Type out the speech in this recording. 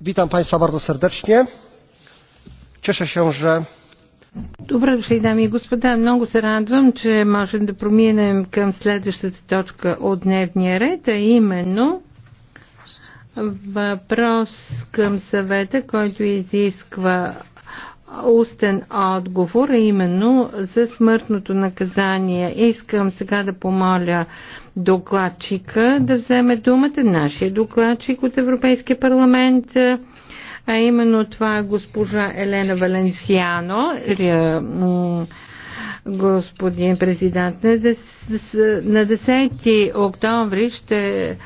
witam państwa bardzo serdecznie cieszę się że Добре дошли, дами и господа. Много се радвам, че можем да проминем към следващата точка от дневния ред, а именно въпрос към съвета, който изисква устен отговор, а именно за смъртното наказание. Искам сега да помоля докладчика да вземе думата, нашия докладчик от Европейския парламент, а именно това е госпожа Елена Валенсиано, е, господин президент. На 10 октомври ще